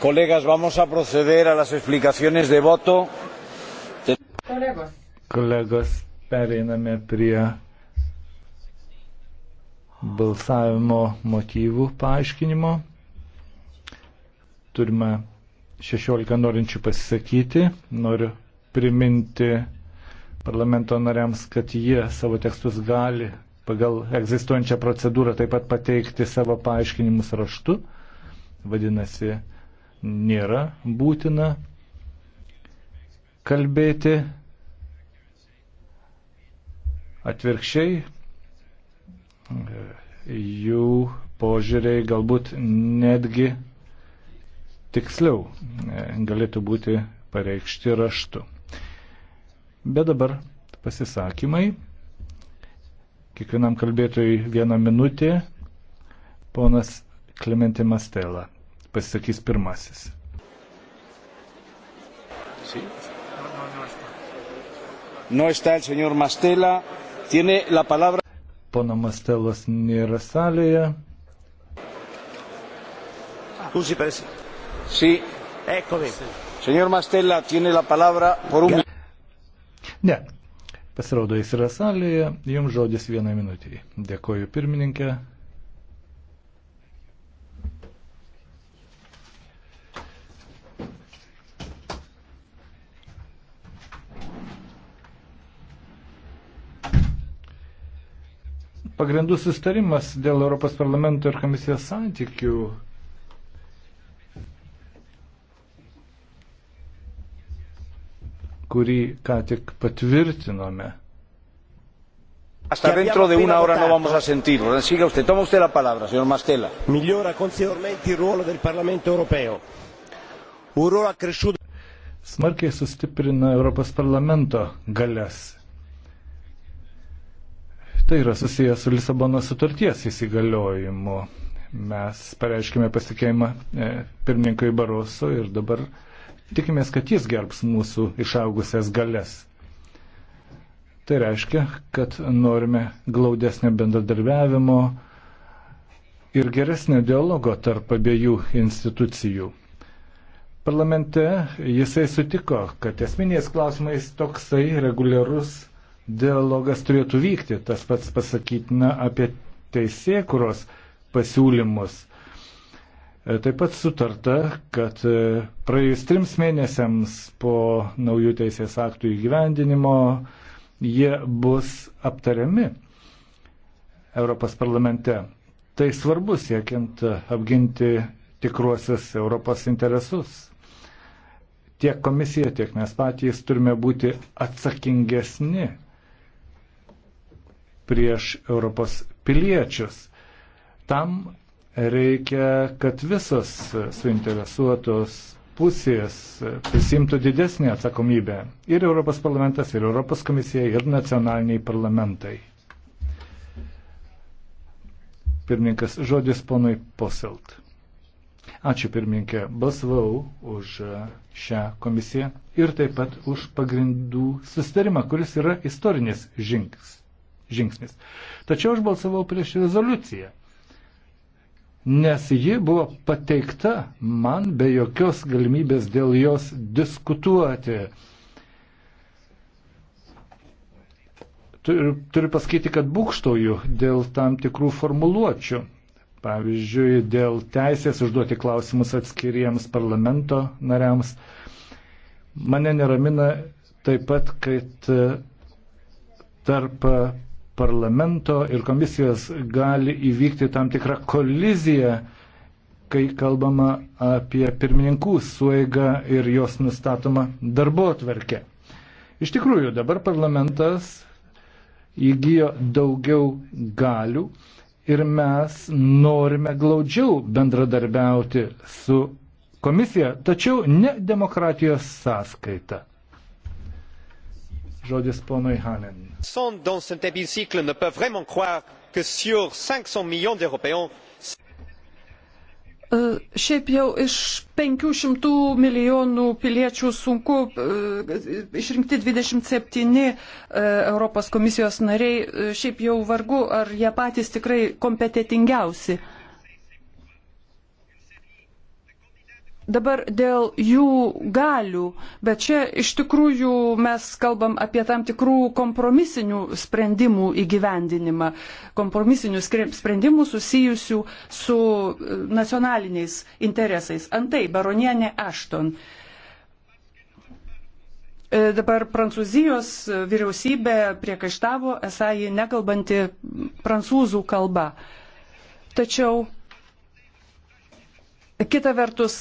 Kolegas, vamos a proceder a las explicaciones de voto. Kolegos. Kolegos, pereiname prie balsavimo motyvų paaiškinimo. Turime 16 norinčių pasisakyti. Noriu priminti parlamento nariams, kad jie savo tekstus gali pagal egzistuojančią procedūrą taip pat pateikti savo paaiškinimus raštu. Vadinasi, nėra būtina kalbėti atvirkščiai. Jų požiūriai galbūt netgi tiksliau e, galėtų būti pareikšti raštu. Bet dabar pasisakymai. Kiekvienam kalbėtojui vieną minutę. Ponas Klementi Mastela. Pasisakys pirmasis. Sí. No está el señor Mastela. Tiene la palabra. Pono Mastelas nėra salėje. Scusi, presi. Sì. Eccomi. Signor Mastella, tiene la palabra por un... Ne. Pasirodo, jis yra salėje. Jums žodis vieną minutį. Dėkoju pirmininkė. Pagrindų sustarimas dėl Europos parlamento ir komisijos santykių kurį ką tik patvirtinome. Hasta dentro de una hora no vamos a sentirlo. Siga usted, toma usted la palabra, señor Mastella. Migliora consideramente il ruolo del Parlamento europeo. Un ruolo accresciuto. Smarkiai sustiprina Europos parlamento galias. Tai yra susijęs su Lisabono sutarties įsigaliojimu. Mes pareiškime pasitikėjimą e, pirmininkui Baroso ir dabar tikimės, kad jis gerbs mūsų išaugusias galės. Tai reiškia, kad norime glaudesnio bendradarbiavimo ir geresnio dialogo tarp abiejų institucijų. Parlamente jisai sutiko, kad esminės klausimais toksai reguliarus dialogas turėtų vykti. Tas pats pasakytina apie teisėkuros pasiūlymus. E, taip pat sutarta, kad e, praėjus trims mėnesiams po naujų teisės aktų įgyvendinimo jie bus aptariami Europos parlamente. Tai svarbu siekiant apginti tikruosius Europos interesus. Tiek komisija, tiek mes patys turime būti atsakingesni prieš Europos piliečius. Tam reikia, kad visos suinteresuotos pusės prisimtų didesnį atsakomybę. Ir Europos parlamentas, ir Europos komisija, ir nacionaliniai parlamentai. Pirmininkas žodis ponui Poselt. Ačiū pirmininkė, balsavau už šią komisiją ir taip pat už pagrindų sustarimą, kuris yra istorinis žingsnis žingsnis. Tačiau aš balsavau prieš rezoliuciją, nes ji buvo pateikta man be jokios galimybės dėl jos diskutuoti. Turiu, turiu pasakyti, kad būkštauju dėl tam tikrų formuluočių. Pavyzdžiui, dėl teisės užduoti klausimus atskiriems parlamento nariams. Mane neramina taip pat, kad e, tarp parlamento ir komisijos gali įvykti tam tikrą koliziją, kai kalbama apie pirmininkų sueigą ir jos nustatomą darbo atverkę. Iš tikrųjų, dabar parlamentas įgyjo daugiau galių ir mes norime glaudžiau bendradarbiauti su komisija, tačiau ne demokratijos sąskaita. Žodis ponui Hanen. dans cet hémicycle ne peuvent vraiment croire que sur 500 millions d'Européens e, Šiaip jau iš 500 milijonų piliečių sunku e, išrinkti 27 e, Europos komisijos nariai, šiaip jau vargu, ar jie patys tikrai kompetitingiausi. Dabar dėl jų galių, bet čia iš tikrųjų mes kalbam apie tam tikrų kompromisinių sprendimų įgyvendinimą, kompromisinių sprendimų susijusių su e, nacionaliniais interesais. Antai, baronienė Ašton. E, dabar Prancūzijos vyriausybė priekaištavo, esą ji nekalbanti prancūzų kalba. Tačiau Kita vertus,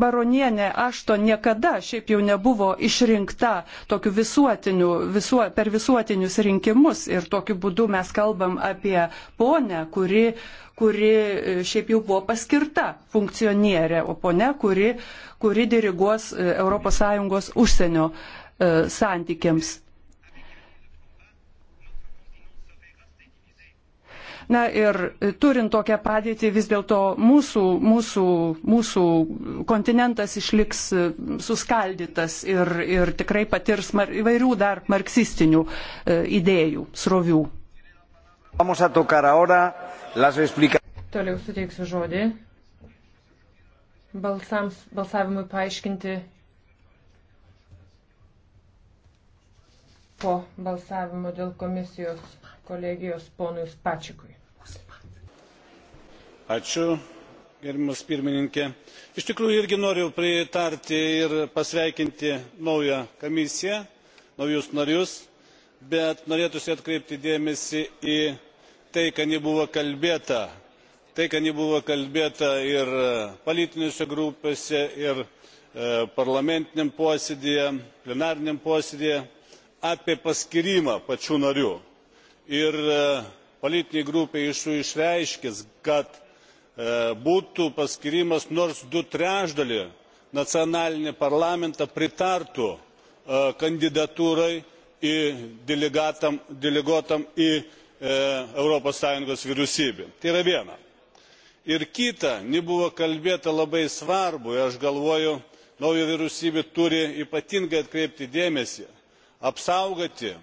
baronienė Ašto niekada šiaip jau nebuvo išrinkta tokiu visuotiniu, visuo, per visuotinius rinkimus ir tokiu būdu mes kalbam apie ponę, kuri, kuri e, šiaip jau buvo paskirta funkcionierė, o ponė, kuri, kuri diriguos ES užsienio e, santykiams. Na ir turint tokią padėtį, vis dėlto mūsų, mūsų, mūsų kontinentas išliks e, suskaldytas ir, ir tikrai patirs mar, įvairių dar marksistinių e, idėjų, srovių. Toliau suteiksiu žodį balsams, balsavimui paaiškinti po balsavimo dėl komisijos kolegijos ponui Spačikui. Ačiū, gerbimas pirmininkė. Iš tikrųjų irgi noriu pritarti ir pasveikinti naują komisiją, naujus narius, bet norėtųsi atkreipti dėmesį į tai, kad nebuvo kalbėta. Tai, kad nebuvo kalbėta ir politinėse grupėse, ir e, parlamentiniam posėdėje, plenariniam posėdėje apie paskyrimą pačių narių ir e, politinė grupė iš jų išreiškis kad e, būtų paskyrimas nors du trečdaliai nacionalinių parlamentų pritartų e, kandidatūrai deleguotam į europos sąjungos vyriausybę. tai yra viena. ir kita nebuvo kalbėta labai svarbu ir aš galvoju nauja vyriausybė turi ypatingai atkreipti dėmesį apsaugoti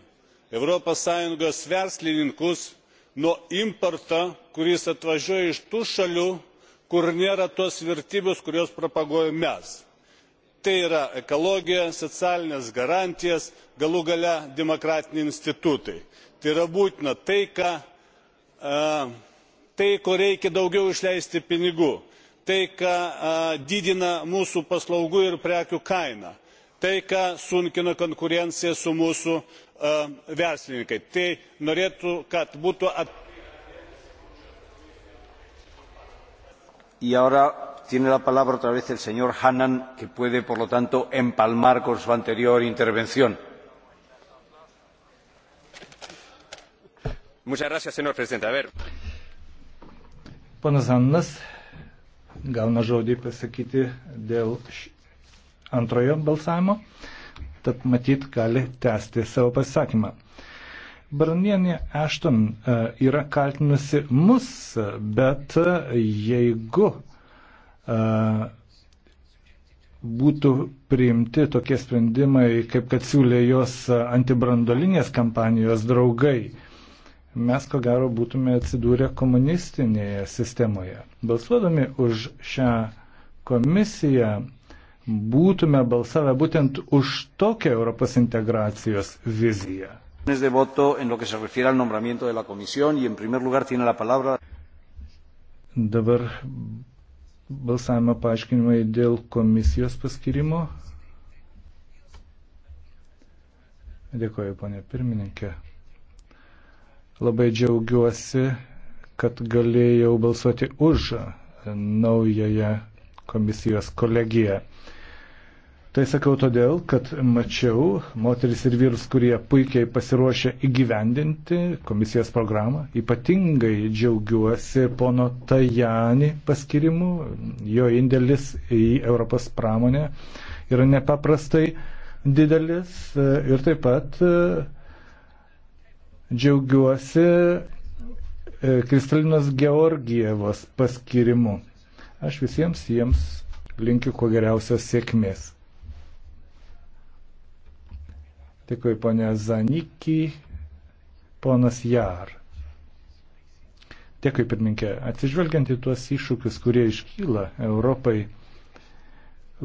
europos sąjungos verslininkus nuo importo kuris atvažiuoja iš tų šalių kur nėra tos vertybės kurias propaguojame mes tai yra ekologija socialinės garantijos galų gale demokratiniai institutai. tai yra būtina tai ką tai ko reikia daugiau išleisti pinigų tai ką didina mūsų paslaugų ir prekių kaina tai ką sunkina konkurencija su mūsų e, verslininkai. tai norėtų kad būtų Y ahora tiene la palabra otra vez el señor Hannan, que puede, por lo tanto, empalmar con su anterior intervención. Gracias, señor presidente. A ver. Panas Hannas gauna žodį pasakyti dėl antrojo balsavimo, tad matyt gali tęsti savo pasisakymą. Baronienė Ashton e, yra kaltinusi mus, bet e, jeigu e, būtų priimti tokie sprendimai, kaip kad siūlė jos antibrandolinės kampanijos draugai, mes ko gero būtume atsidūrę komunistinėje sistemoje. Balsuodami už šią komisiją būtume balsavę būtent už tokią Europos integracijos viziją. De voto en lo que se refiere al nombramiento de la comisión y en primer lugar tiene la palabra. Dabar balsavimo paaiškinimai dėl komisijos paskirimo. Dėkoju, ponė pirmininkė. Labai džiaugiuosi, kad galėjau balsuoti už naująją komisijos kolegiją. Tai sakau todėl, kad mačiau moteris ir vyrus, kurie puikiai pasiruošė įgyvendinti komisijos programą. Ypatingai džiaugiuosi pono Tajani paskirimu. Jo indėlis į Europos pramonę yra nepaprastai didelis. Ir taip pat e, džiaugiuosi e, Kristalinos Georgievos paskirimu. Aš visiems jiems linkiu kuo geriausios sėkmės. Dėkui, ponė Zanikį, ponas Jar. Dėkui, pirminkė. Atsižvelgiant į tuos iššūkius, kurie iškyla Europai,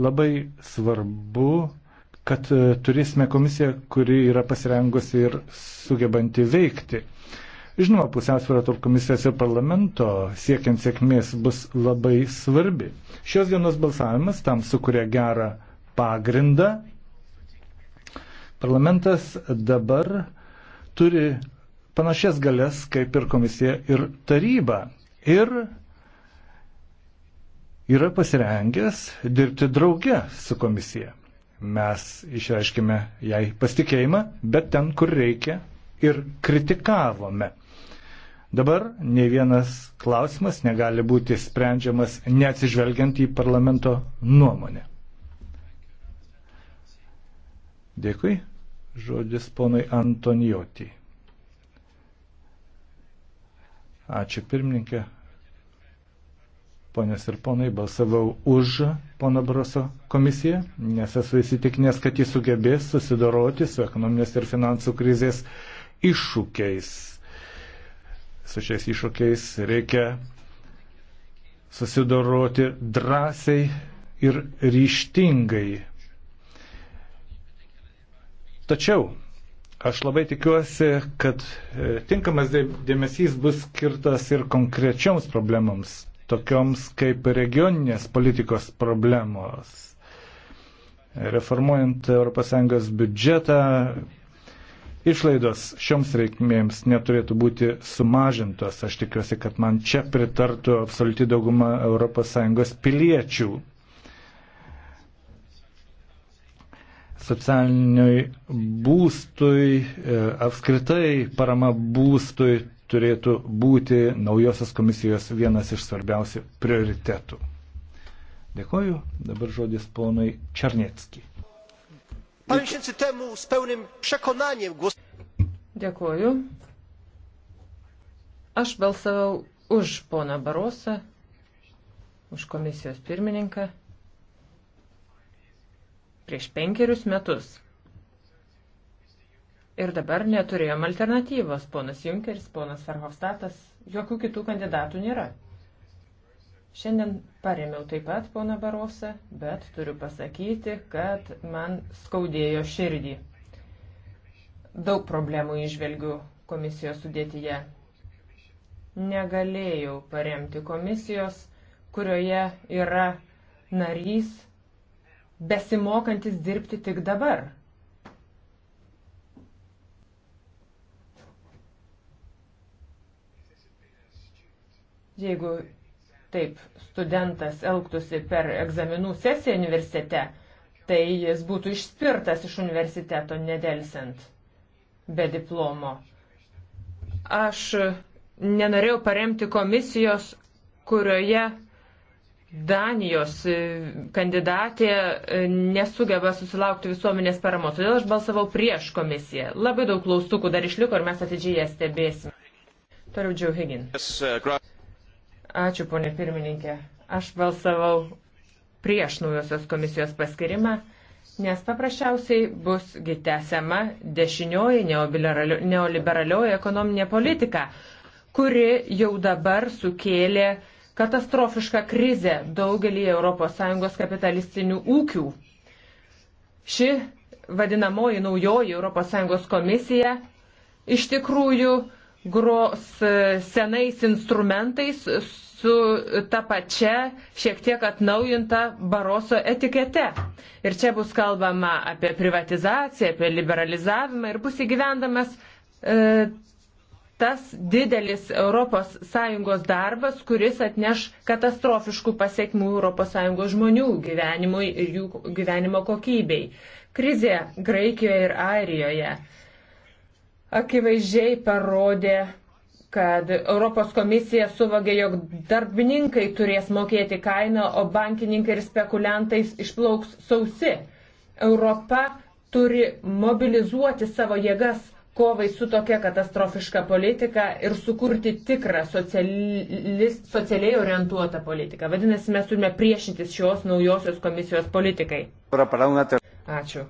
labai svarbu, kad e, turėsime komisiją, kuri yra pasirengusi ir sugebanti veikti. Žinoma, pusiausvėra tarp komisijos ir parlamento siekiant sėkmės bus labai svarbi. Šios dienos balsavimas tam sukuria gerą pagrindą Parlamentas dabar turi panašias galės kaip ir komisija ir taryba. Ir yra pasirengęs dirbti drauge su komisija. Mes išreiškime jai pasitikėjimą, bet ten, kur reikia, ir kritikavome. Dabar ne vienas klausimas negali būti sprendžiamas neatsižvelgiant į parlamento nuomonę. Dėkui. Žodis ponai Antonijoti. Ačiū pirmininkė. Ponės ir ponai, balsavau už pono Broso komisiją, nes esu įsitikinęs, kad jis sugebės susidoroti su ekonominės ir finansų krizės iššūkiais. Su šiais iššūkiais reikia susidoroti drąsiai ir ryštingai. Tačiau aš labai tikiuosi, kad e, tinkamas dėmesys bus skirtas ir konkrečioms problemams, tokioms kaip regioninės politikos problemos. Reformuojant ES biudžetą, išlaidos šioms reikmėms neturėtų būti sumažintos. Aš tikiuosi, kad man čia pritartų absoliuti dauguma ES piliečių. socialiniui būstui, e, apskritai parama būstui turėtų būti naujosios komisijos vienas iš svarbiausių prioritetų. Dėkoju. Dabar žodis ponui Černiecki. Dėkoju. Aš balsavau už poną Barosą, už komisijos pirmininką prieš penkerius metus. Ir dabar neturėjom alternatyvos. Ponas Junkeris, ponas Verhofstadtas, jokių kitų kandidatų nėra. Šiandien paremiau taip pat poną Barosą, bet turiu pasakyti, kad man skaudėjo širdį. Daug problemų išvelgiu komisijos sudėtyje. Negalėjau paremti komisijos, kurioje yra narys besimokantis dirbti tik dabar. Jeigu taip studentas elgtųsi per egzaminų sesiją universitete, tai jis būtų išspirtas iš universiteto nedelsiant be diplomo. Aš nenorėjau paremti komisijos, kurioje Danijos e, kandidatė e, nesugeba susilaukti visuomenės paramos, todėl aš balsavau prieš komisiją. Labai daug klaustukų dar išliko ir mes atidžiai ją stebėsime. Toliau Džiau Higin. Uh, Ačiū, ponė pirmininkė. Aš balsavau prieš naujosios komisijos paskirimą, nes paprasčiausiai bus tęsiama dešinioji neoliberalioji ekonominė politika, kuri jau dabar sukėlė uh, katastrofišką krizę daugelį ES kapitalistinių ūkių. Ši vadinamoji naujoji ES komisija iš tikrųjų gros e, senais instrumentais su ta pačia šiek tiek atnaujinta baroso etikete. Ir čia bus kalbama apie privatizaciją, apie liberalizavimą ir bus įgyvendamas e, tas didelis ES darbas, kuris atneš katastrofiškų pasiekmių ES žmonių gyvenimui ir jų gyvenimo kokybei. Krizė Graikijoje ir Airijoje akivaizdžiai parodė, kad Europos komisija suvagė, jog darbininkai turės mokėti kainą, o bankininkai ir spekuliantai išplauks sausi. Europa turi mobilizuoti savo jėgas kovai su tokia katastrofiška politika ir sukurti tikrą socialis, socialiai orientuotą politiką. Vadinasi, mes turime priešintis šios naujosios komisijos politikai. Ačiū.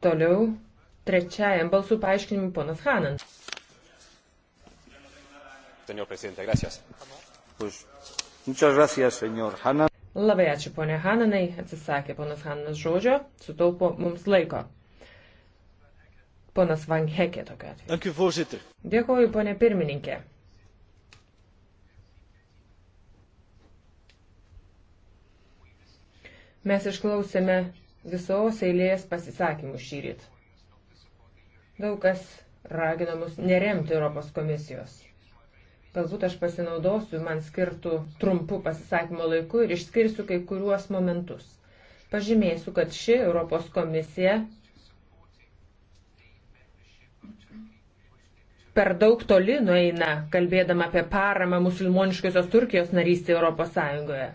Toliau trečiajam balsų paaiškinimui ponas Hanan. Pues, gracias, Hanan. Labai ačiū ponė Hananai, atsisakė ponas Hananas žodžio, sutaupo mums laiko. Ponas Van Hekė tokia atveju. Dankiu, voorzitter. Dėkuoju, ponė pirmininkė. Mes išklausėme visos eilės pasisakymų šyrit. Daug kas ragino mus neremti Europos komisijos. Galbūt aš pasinaudosiu man skirtų trumpų pasisakymo laiku ir išskirsiu kai kuriuos momentus. Pažymėsiu, kad ši Europos komisija per daug toli nueina, kalbėdama apie paramą musulmoniškosios Turkijos narystį Europos Sąjungoje,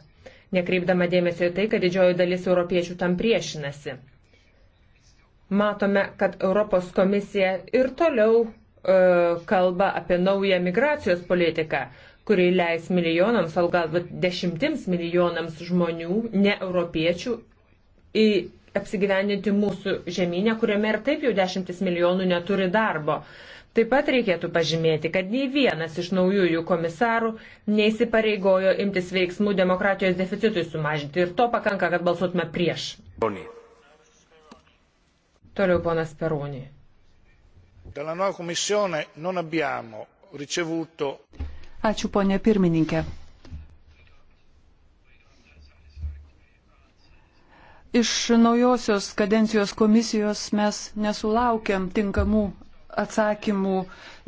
nekreipdama dėmesio į tai, kad didžioji dalis europiečių tam priešinasi. Matome, kad Europos komisija ir toliau e, kalba apie naują migracijos politiką, kuri leis milijonams, al gal dešimtims milijonams žmonių, ne europiečių, į apsigyvendinti mūsų žemynę, kuriame ir taip jau dešimtis milijonų neturi darbo. Taip pat reikėtų pažymėti, kad nei vienas iš naujųjų komisarų neįsipareigojo imtis veiksmų demokratijos deficitui sumažinti ir to pakanka, kad balsuotume prieš. Pony. Toliau ponas Perūnį. Ačiū ponė pirmininkė. Iš naujosios kadencijos komisijos mes nesulaukėm tinkamų atsakymų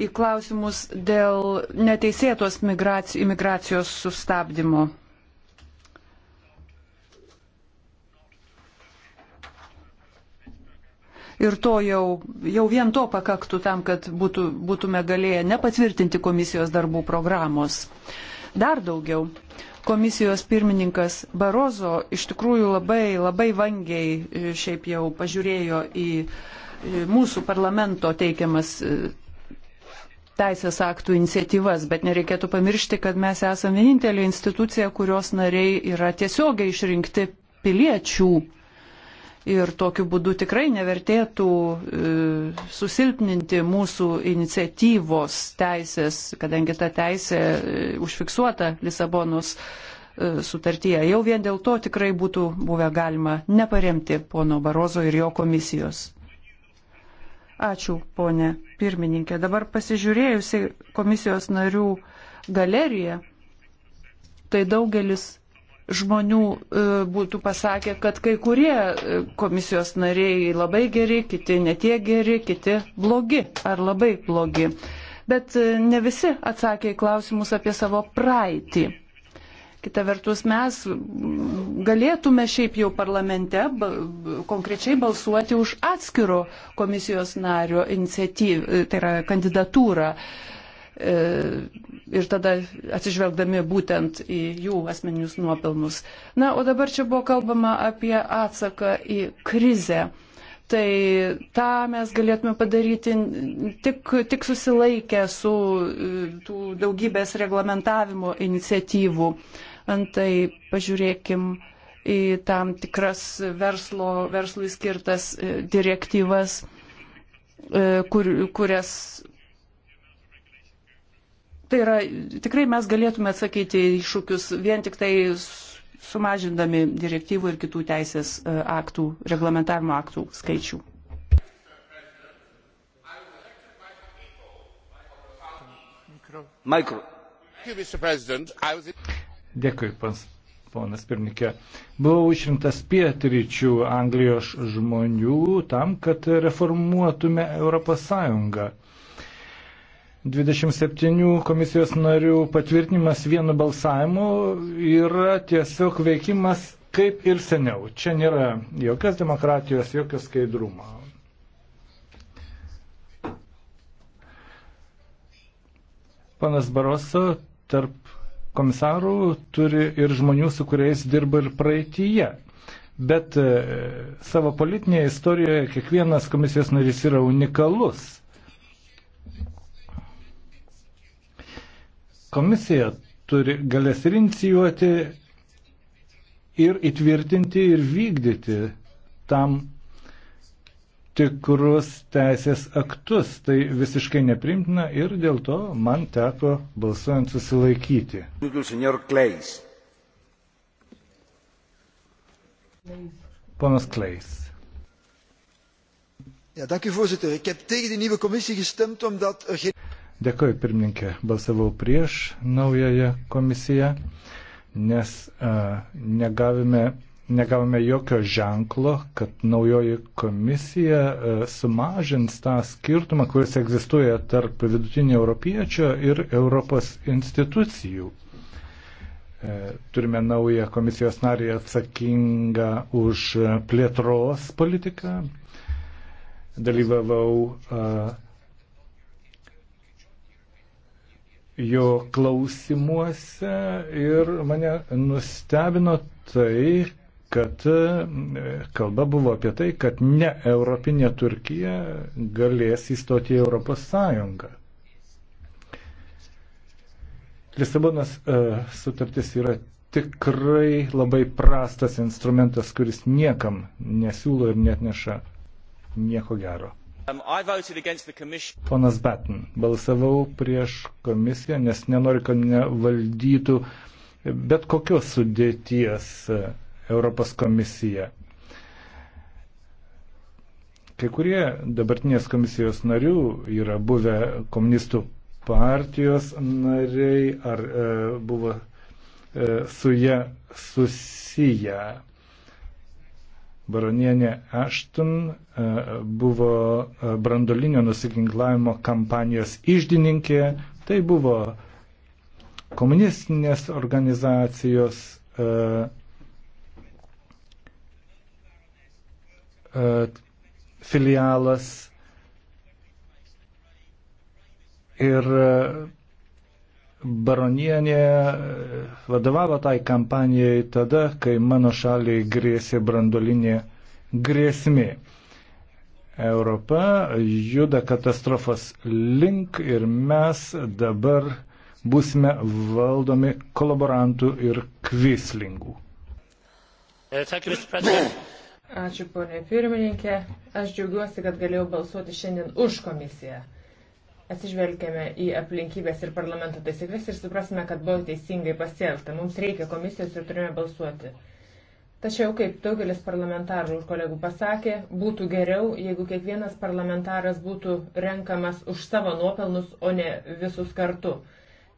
į klausimus dėl neteisėtos migracijos, imigracijos sustabdymo. Ir to jau, jau vien to pakaktų tam, kad būtų, būtume galėję nepatvirtinti komisijos darbų programos. Dar daugiau, komisijos pirmininkas Barozo iš tikrųjų labai, labai vangiai e, šiaip jau pažiūrėjo į uh, mūsų parlamento teikiamas e, teisės aktų iniciatyvas, bet nereikėtų pamiršti, kad mes esame vienintelė institucija, kurios nariai yra tiesiogiai išrinkti piliečių. Ir tokiu būdu tikrai nevertėtų e, susilpninti mūsų iniciatyvos teisės, kadangi ta teisė e, užfiksuota Lisabonos e, sutartyje. Jau vien dėl to tikrai būtų buvę galima neparemti pono Barozo ir jo komisijos. Ačiū, ponė pirmininkė. Dabar pasižiūrėjusi komisijos narių galeriją, tai daugelis žmonių e, būtų pasakę, kad kai kurie e, komisijos nariai labai geri, kiti netie geri, kiti blogi ar labai blogi. Bet e, ne visi atsakė į klausimus apie savo praeitį. Kita vertus, mes galėtume šiaip jau parlamente konkrečiai balsuoti už atskiro komisijos nario iniciatyvą, tai yra kandidatūrą. E, ir tada atsižvelgdami būtent į jų asmeninius nuopelnus. Na, o dabar čia buvo kalbama apie atsaką į krizę. Tai tą mes galėtume padaryti tik, tik susilaikę su e, tų daugybės reglamentavimo iniciatyvų. Uh, Antai pažiūrėkim į tam tikras verslo, verslui skirtas e, direktyvas, e, kur, kurias. Tai yra, tikrai mes galėtume atsakyti iššūkius vien tik tai sumažindami direktyvų ir kitų teisės e, aktų, reglamentavimo aktų skaičių. Mikro. Dėkui, pans, ponas pirmininkė. Buvau išrinktas pietryčių Anglijos žmonių tam, kad reformuotume Europos Sąjungą. 27 komisijos narių patvirtinimas vienu balsavimu yra tiesiog veikimas kaip ir seniau. Čia nėra jokios demokratijos, jokio skaidrumo. Panas Baroso tarp komisarų turi ir žmonių, su kuriais dirba ir praeitįje. Bet e, savo politinėje istorijoje kiekvienas komisijos narys yra unikalus. Komisija turi, galės ir inicijuoti, ir įtvirtinti, ir vykdyti tam tikrus teisės aktus. Tai visiškai neprimtina ir dėl to man teko balsuojant susilaikyti. Ponas Kleis. Ja, dank u voorzitter. Ik heb tegen de nieuwe commissie gestemd omdat er geen. Dėkoju, pirmininkė. Balsavau prieš naująją komisiją, nes a, negavime negavome jokio ženklo, kad naujoji komisija e, sumažins tą skirtumą, kuris egzistuoja tarp vidutinio europiečio ir Europos institucijų. E, turime naują komisijos narį atsakingą už plėtros politiką. Dalyvavau e, jo klausimuose ir mane nustebino tai, kad e, kalba buvo apie tai, kad ne Europinė Turkija galės įstoti į Europos Sąjungą. Lisabonas e, sutartis yra tikrai labai prastas instrumentas, kuris niekam nesiūlo ir net neša nieko gero. Um, Ponas Batten, balsavau prieš komisiją, nes nenoriu, kad nevaldytų bet kokios sudėties e, Europos komisija. Kai kurie dabartinės komisijos narių yra buvę komunistų partijos nariai ar e, buvo e, su ją susiję. Baronienė Ashton e, buvo e, brandolinio nusiginklavimo kampanijos išdininkė, tai buvo komunistinės organizacijos e, E, filialas ir e, baronienė e, vadovavo tai kampanijai tada, kai mano šaliai grėsė brandolinė grėsmė. Europa juda katastrofos link ir mes dabar būsime valdomi kolaborantų ir kvislingų. Uh, thank you, Mr. President. Ačiū, ponė pirmininkė. Aš džiaugiuosi, kad galėjau balsuoti šiandien už komisiją. Atsižvelgiame į aplinkybės ir parlamento taisyklės ir suprasime, kad buvo teisingai pasielgta. Mums reikia komisijos ir turime balsuoti. Tačiau, kaip daugelis parlamentarų ir kolegų pasakė, būtų geriau, jeigu kiekvienas parlamentaras būtų renkamas už savo nuopelnus, o ne visus kartu.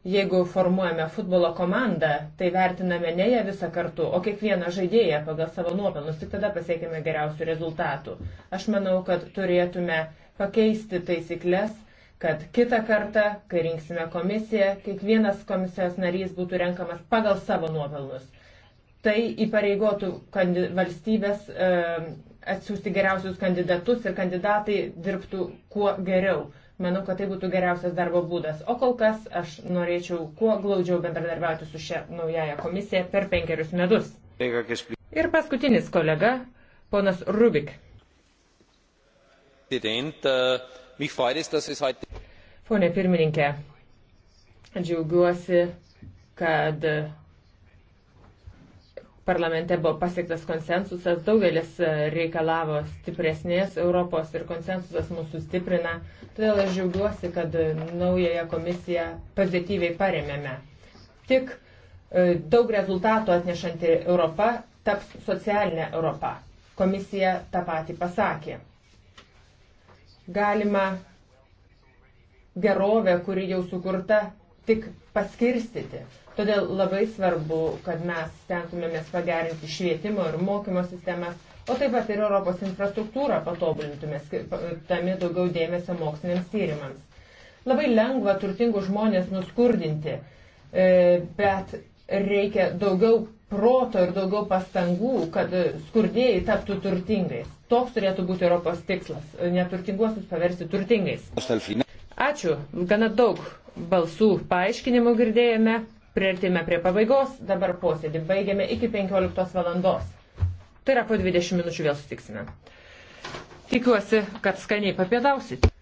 Jeigu formuojame futbolo komandą, tai vertiname ne ją visą kartu, o kiekvieną žaidėją pagal savo nuopelnus, tik tada pasiekime geriausių rezultatų. Aš manau, kad turėtume pakeisti taisyklės, kad kitą kartą, kai rinksime komisiją, kiekvienas komisijos narys būtų renkamas pagal savo nuopelnus. Tai įpareigotų valstybės e, atsiųsti geriausius kandidatus ir kandidatai dirbtų kuo geriau. Manau, kad tai būtų geriausias darbo būdas. O kol kas aš norėčiau kuo glaudžiau bendradarbiauti su šia naujaja komisija per penkerius metus. Ir paskutinis kolega, ponas Rubik. Äh, Pone pirmininkė, džiaugiuosi, kad Parlamente buvo pasiektas konsensusas, daugelis e, reikalavo stipresnės Europos ir konsensusas mūsų stiprina. Todėl aš džiaugiuosi, kad naująją komisiją pozityviai paremėme. Tik e, daug rezultatų atnešanti Europa taps socialinė Europa. Komisija tą patį pasakė. Galima gerovę, kuri jau sukurta, tik paskirstyti. Todėl labai svarbu, kad mes stengtumėmės pagerinti švietimo ir mokymo sistemas, o taip pat ir Europos infrastruktūrą patobulintume, skirtami daugiau dėmesio moksliniams tyrimams. Labai lengva turtingus žmonės nuskurdinti, e, bet reikia daugiau proto ir daugiau pastangų, kad e, skurdėjai taptų turtingais. Toks turėtų būti Europos tikslas e, - neturtinguosius paversti turtingais. Ačiū. Gana daug balsų paaiškinimų girdėjome. Priartėme prie pabaigos. Dabar posėdį baigiame iki 15 valandos. Tai yra po 20 minučių vėl sutiksime. Tikiuosi, kad skaniai papiedausit.